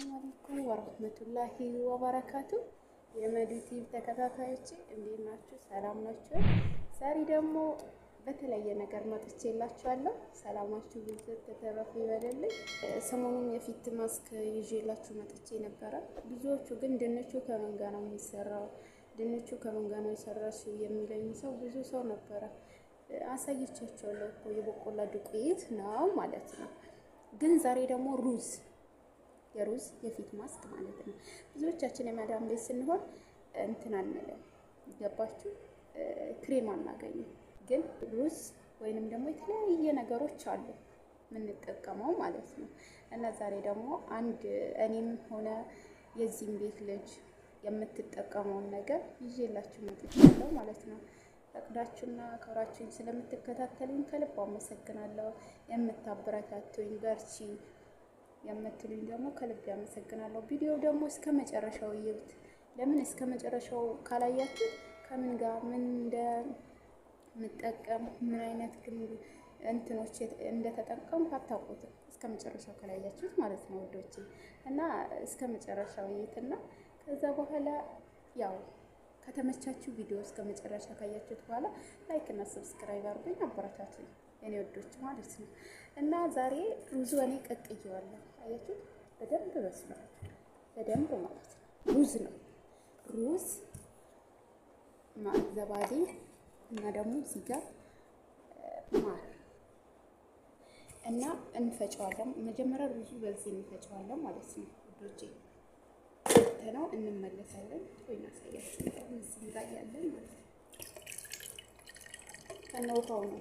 ሰላም አለይኩም ወረህመቱላሂ ወበረካቱ። የመዲቲቭ ተከታታዮች እንዴት ናችሁ? ሰላም ናችሁ? ዛሬ ደግሞ በተለያየ ነገር መጥቼ የላችኋለሁ። ሰላማችሁ ብዙ ተተረፉ ይበልልኝ። ሰሞኑን የፊት ማስክ ይዤላችሁ መጥቼ ነበረ። ብዙዎቹ ግን ድንቹ ከምን ጋር ነው የሚሰራው ድንቹ ከምን ጋር ነው የሰራችው የሚለኝ ሰው ብዙ ሰው ነበረ። አሳይቻችኋለሁ እኮ የበቆላ ዱቄት ነው ማለት ነው። ግን ዛሬ ደግሞ ሩዝ የሩዝ የፊት ማስክ ማለት ነው። ብዙዎቻችን የማዳም ቤት ስንሆን እንትን ይገባችሁ ገባችሁ? ክሬም አናገኝም። ግን ሩዝ ወይንም ደግሞ የተለያየ ነገሮች አሉ የምንጠቀመው ማለት ነው። እና ዛሬ ደግሞ አንድ እኔም ሆነ የዚህም ቤት ልጅ የምትጠቀመውን ነገር ይዤላችሁ መጥቻለሁ ማለት ነው። ፈቅዳችሁና አክብራችሁኝ ስለምትከታተሉኝ ከልብ አመሰግናለሁ። የምታበረታቱኝ በርቺ የምትሉኝ ደግሞ ከልብ ያመሰግናለሁ። ቪዲዮ ደግሞ እስከ መጨረሻው ይዩት። ለምን እስከ መጨረሻው ካላያችሁ ከምን ጋር ምን እንደምጠቀም ምን አይነት እንትኖች እንደተጠቀሙ አታውቁት እስከ መጨረሻው ከላያችሁት ማለት ነው ወዶች እና እስከ መጨረሻው ይዩትና ከዛ በኋላ ያው ከተመቻችሁ ቪዲዮ እስከ መጨረሻ ካያችሁት በኋላ ላይክ እና ሰብስክራይብ አድርጉኝ፣ አበረታቱኝ። እኔ ወዶች ማለት ነው። እና ዛሬ ሩዙ እኔ ቀቅዬዋለሁ። አያችሁ በደንብ በስሏል። በደንብ ማለት ነው ሩዝ ነው ሩዝ ዘባዴ እና ደግሞ እዚህ ጋር ማር እና እንፈጨዋለን። መጀመሪያ ሩዙ በዚህ እንፈጨዋለን ማለት ነው ውዶቼ። ተነው እንመለሳለን ወይ እናሳያችሁ። እዚህ ጋር ያለን ማለት ነው ነው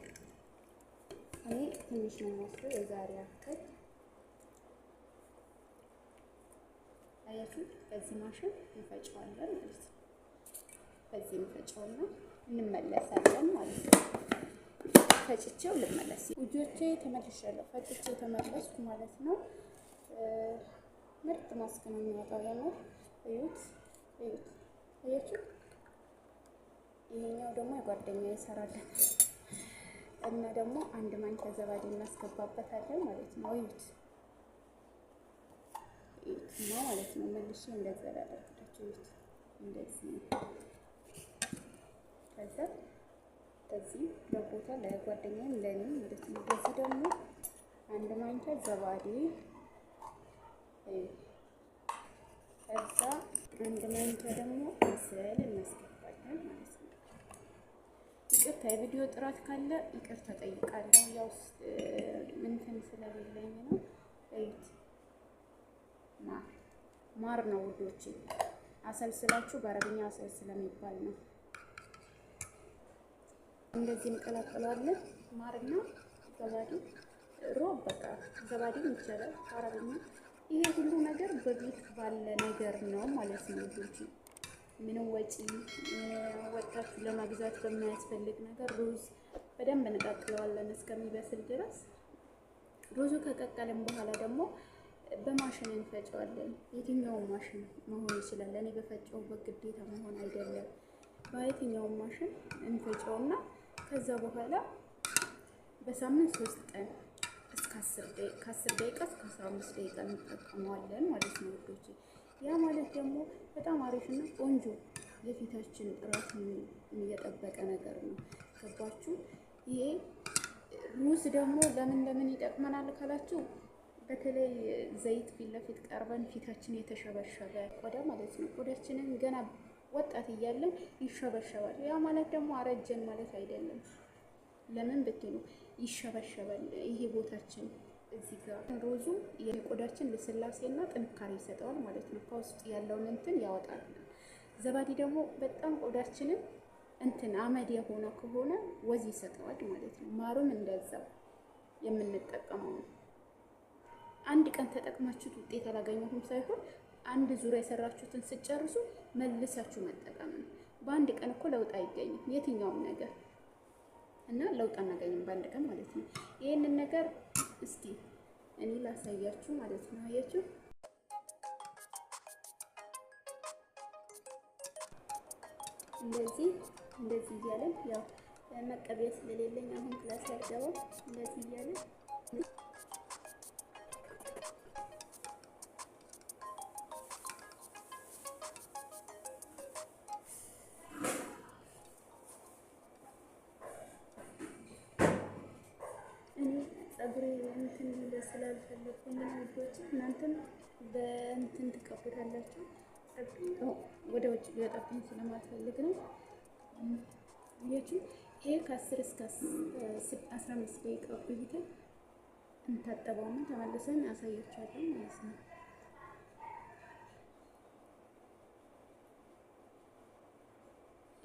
እኔ ትንሽ ነው የምወስደው የዛሬ አክል አያችሁ። በዚህ ማሽን እንፈጨዋለን ማለት ነው። በዚህ እንፈጨውና እንመለሳለን ማለት ነው። ፈጭቼው ልመለስ ልጆቼ፣ ተመልሻለሁ። ፈጭቼው ተመለስኩ ማለት ነው። ምርጥ ማስክ ነው የሚወጣው። የምር እዩት፣ እዩት፣ እያችሁ። ይሄኛው ደግሞ የጓደኛ ይሰራለን እና ደግሞ አንድ ማንኪያ ዘባዴ እናስገባበታለን ማለት ነው። እዩት ነው ማለት ነው። መልሼ እንደዛ ላደርግላችሁ። እዩት እንደዚህ ነው። ከዛ ከዚህ ለቦታ ለጓደኛዬም ለእኔ ማለት ነው። በዚህ ደግሞ አንድ ማንኪያ ዘባዴ ከዛ አንድ ማንኪያ ደግሞ ምስል እናስገባለን ማለት ነው። ይቅርታ የቪዲዮ ጥራት ካለ ይቅርታ ጠይቃለሁ። ያው ምንትን ስለሌለኝ ነው። እዩት፣ ማር ማር ነው ውዶች። አሰል ስላችሁ በአረብኛ አሰል ስለሚባል ነው። እንደዚህ እንቀላቀለዋለን ማርና ዘባዲ ሮብ፣ በቃ ዘባዲ ይቻላል አረብኛ። ይሄ ሁሉ ነገር በቤት ባለ ነገር ነው ማለት ነው ውዶች። ምንም ወጪ ወጣችሁ ለመግዛት በማያስፈልግ ነገር ሩዝ በደንብ እንቀቅለዋለን እስከሚበስል ድረስ። ሩዙ ከቀቀልን በኋላ ደግሞ በማሽን እንፈጨዋለን። የትኛውን ማሽን መሆን ይችላል። እኔ በፈጨውበት ግዴታ መሆን አይደለም። በየትኛውን ማሽን እንፈጨውና ከዛ በኋላ በሳምንት ሶስት ቀን እስከ አስር ደቂቃ እስከ አስራ አምስት ደቂቃ እንጠቀመዋለን ማለት ነው ውዶቼ። ያ ማለት ደግሞ በጣም አሪፍና ቆንጆ የፊታችን ጥራት የጠበቀ ነገር ነው። ገባችሁ? ይሄ ሩዝ ደግሞ ለምን ለምን ይጠቅመናል ካላችሁ በተለይ ዘይት ፊት ለፊት ቀርበን ፊታችን የተሸበሸበ ቆዳ ማለት ነው። ቆዳችንን ገና ወጣት እያለን ይሸበሸባል። ያ ማለት ደግሞ አረጀን ማለት አይደለም። ለምን ብትሉ ይሸበሸባል ይሄ ቦታችን እዚህ ጋር ሮዙ የቆዳችን ልስላሴና ጥንካሬ ይሰጠዋል ማለት ነው። ከውስጥ ያለውን እንትን ያወጣል። ዘባዲ ደግሞ በጣም ቆዳችንን እንትን አመድ የሆነ ከሆነ ወዝ ይሰጠዋል ማለት ነው። ማሩም እንደዛው የምንጠቀመው ነው። አንድ ቀን ተጠቅማችሁት ውጤት አላገኘሁም ሳይሆን አንድ ዙሪያ የሰራችሁትን ስጨርሱ መልሳችሁ መጠቀም ነው። በአንድ ቀን እኮ ለውጥ አይገኝም የትኛውም ነገር እና ለውጥ አናገኝም በአንድ ቀን ማለት ነው። ይህንን ነገር እስኪ እኔ ላሳያችሁ ማለት ነው። አያችሁ እንደዚህ እንደዚህ እያለን ያው መቀቢያ ስለሌለኝ አሁን ክላስ ያደረው እንደዚህ እያለን ፀጉሬ እንትን ስላልፈለኩ ልጆች እናንተም በእንትን ትቀቡታላችሁ። ወደ ውጭ ሊወጣብኝ ስለማልፈልግ ነው። ይሄ ከአስር እስከ አስራ አምስት ደቂቃ ቆይተን እንታጠበውና ተመልሰን አሳያችኋለን ማለት ነው።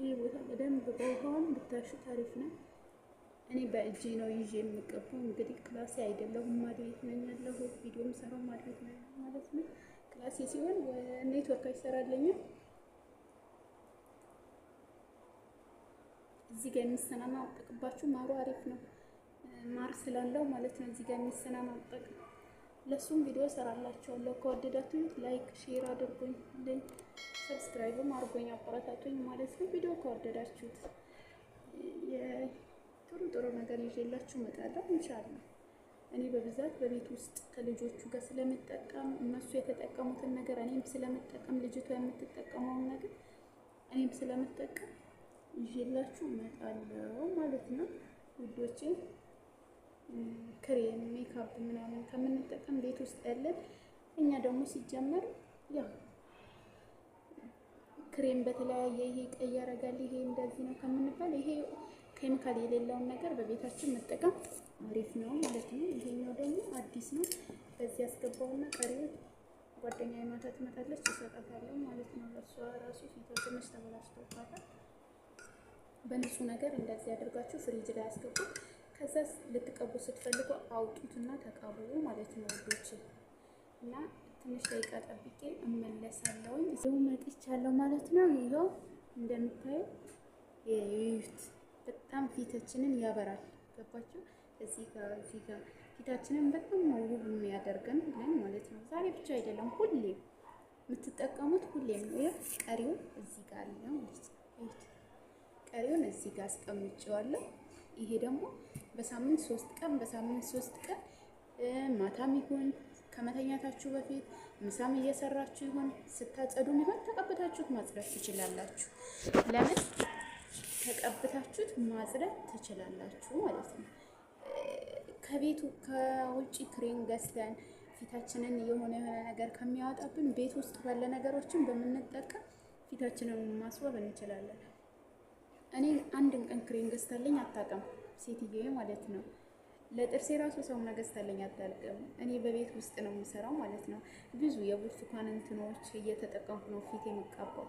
ይህ ቦታ በደንብ በውሃውን ብታሹ ታሪፍ ነው። እኔ በእጄ ነው ይዤ የምገባው። እንግዲህ ክላሴ አይደለሁም ማድቤት ነኝ ያለሁ ቪዲዮ የምሰራው ማድቤት ነው ማለት ነው። ክላሴ ሲሆን ኔትወርክ አይሰራለኝም። እዚህ ጋር የሚሰናናጠቅባችሁ ማሩ አሪፍ ነው፣ ማር ስላለው ማለት ነው። እዚህ ጋር የሚሰናናጠቅ ለሱም ቪዲዮ ሰራላችኋለሁ። ከወደዳችሁ ላይክ ሼር አድርጉኝ፣ ሰብስክራይብም አድርጎኝ አበረታቱኝ ማለት ነው። ቪዲዮ ከወደዳችሁት ጥሩ ጥሩ ነገር ይዤላችሁ እመጣለሁ ኢንሻአላህ። እኔ በብዛት በቤት ውስጥ ከልጆቹ ጋር ስለምጠቀም እነሱ የተጠቀሙትን ነገር እኔም ስለምጠቀም ልጅቷ የምትጠቀመውን ነገር እኔም ስለምጠቀም ይዤላችሁ እመጣለሁ ማለት ነው ውዶቼ። ክሬም ሜካፕ ምናምን ከምንጠቀም ቤት ውስጥ ያለን እኛ ደግሞ ሲጀመር ያው ክሬም በተለያየ ይሄ ቀይ ያደርጋል ይሄ እንደዚህ ነው ከምንባል ይሄ ኬሚካል የሌለውን ነገር በቤታችን መጠቀም አሪፍ ነው ማለት ነው። ይሄኛው ደግሞ አዲስ ነው። በዚህ ያስገባውና ቀሪውን ጓደኛ ማታ ትመታለች ይሰጣታለሁ ማለት ነው። ለእሷ ራሱ ፊቷ ትንሽ ተበላሽቶባታል። በንጹህ ነገር እንደዚህ አድርጋችሁ ፍሪጅ ላይ አስገቡት። ከዛ ልትቀቡ ስትፈልጉ አውጡትና ተቀቡ ማለት ነው ልጆች እና ትንሽ ደቂቃ ጠብቄ እመለሳለሁኝ። እዚሁ መጥቻለሁ ማለት ነው። ይኸው እንደምታዩ የዩት በጣም ፊታችንን ያበራል። ገባችሁ? እዚህ ጋር እዚህ ጋር ፊታችንን በጣም ነው ውብ የሚያደርገን ብለን ማለት ነው። ዛሬ ብቻ አይደለም፣ ሁሌም የምትጠቀሙት ሁሌም ነው። ቀሪው እዚህ ጋር አለ ማለት ነው። ቀሪውን እዚህ ጋር አስቀምጨዋለሁ። ይሄ ደግሞ በሳምንት ሶስት ቀን በሳምንት ሶስት ቀን ማታም ይሁን ከመተኛታችሁ በፊት ምሳም እየሰራችሁ ይሁን ስታጸዱም ይሁን ተቀብታችሁ ማጽዳት ትችላላችሁ። ለምን ተቀብታችሁት ማጽዳት ትችላላችሁ ማለት ነው። ከቤቱ ከውጭ ክሬም ገዝተን ፊታችንን የሆነ የሆነ ነገር ከሚያወጣብን ቤት ውስጥ ባለ ነገሮችን በምንጠቀም ፊታችንን ማስዋብ እንችላለን። እኔ አንድን ቀን ክሬን ገዝታለኝ አታውቅም ሴትዬ ማለት ነው። ለጥርሴ ራሱ ሰው ነገዝታለኝ አታውቅም። እኔ በቤት ውስጥ ነው የምሰራው ማለት ነው። ብዙ የብርቱካን እንትኖች እየተጠቀምኩ ነው ፊት የሚቀባው።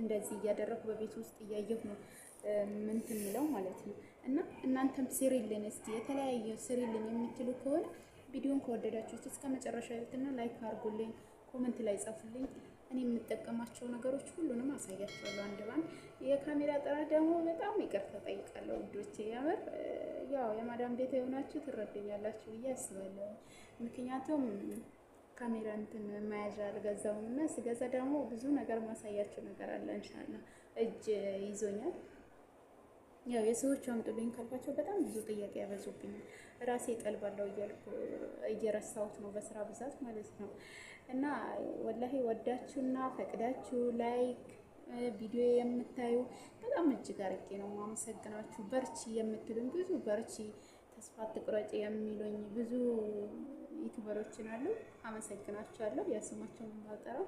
እንደዚህ እያደረኩ በቤት ውስጥ እያየሁ ነው እንትን የሚለው ማለት ነው። እና እናንተም ስሪልን እስቲ የተለያየ ስሪልን የምትሉ ከሆነ ቪዲዮን ከወደዳችሁት እስከ መጨረሻ ያዩትና ላይክ አድርጉልኝ፣ ኮመንት ላይ ጻፉልኝ። እኔ የምጠቀማቸው ነገሮች ሁሉንም አሳያችኋለሁ አንድ ባንድ። የካሜራ ጥራት ደግሞ በጣም ይቅርታ ጠይቃለሁ ውዶቼ። ያምር ያው የማዳም ቤት የሆናችሁ ትረዱኛላችሁ ብዬ አስባለሁ። ምክንያቱም ካሜራ እንትን መያዣ አልገዛውም እና ስገዛ ደግሞ ብዙ ነገር ማሳያቸው ነገር አለ። እንሻላ እጅ ይዞኛል ያው የሰዎች አምጡልኝ ካልኳቸው በጣም ብዙ ጥያቄ ያበዙብኝ ራሴ እጠልባለሁ እያልኩ እየረሳሁት ነው በስራ ብዛት ማለት ነው። እና ወላሂ ወዳችሁና ፈቅዳችሁ ላይክ ቪዲዮ የምታዩ በጣም እጅግ አርጌ ነው ማመሰግናችሁ። በርቺ የምትሉኝ ብዙ በርቺ፣ ተስፋ ትቁረጭ የሚሉኝ ብዙ ዩቱበሮችን አሉ። አመሰግናችኋለሁ። ያስማቸውን ማጠራው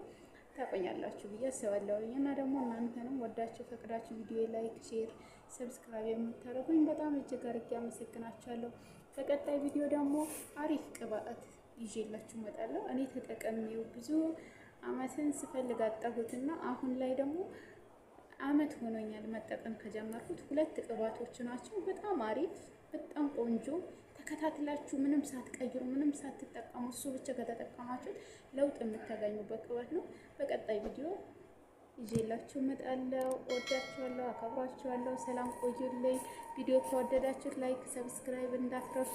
ታቆኛላችሁ ብዬ አስባለሁኝ። እና ደግሞ እናንተንም ወዳችሁ ፈቅዳችሁ ቪዲዮ ላይክ፣ ሼር፣ ሰብስክራይብ የምታደርጉኝ በጣም እጅግ አድርጌ አመሰግናችኋለሁ። በቀጣይ ቪዲዮ ደግሞ አሪፍ ቅባአት ይዤላችሁ እመጣለሁ። እኔ ተጠቀሚው ብዙ አመትን ስፈልግ አጣሁትና አሁን ላይ ደግሞ አመት ሆኖኛል መጠቀም ከጀመርኩት። ሁለት ቅባቶች ናቸው። በጣም አሪፍ፣ በጣም ቆንጆ ተከታትላችሁ ምንም ሳትቀይሩ ምንም ሳትጠቀሙ እሱ ብቻ ከተጠቀማችሁ ለውጥ የምታገኙበት ቅባት ነው። በቀጣይ ቪዲዮ ይዤላችሁ እመጣለሁ። ወዳችኋለሁ፣ አከብራችኋለሁ። ሰላም ቆዩልኝ። ቪዲዮ ከወደዳችሁት ላይክ፣ ሰብስክራይብ እንዳትረሱ።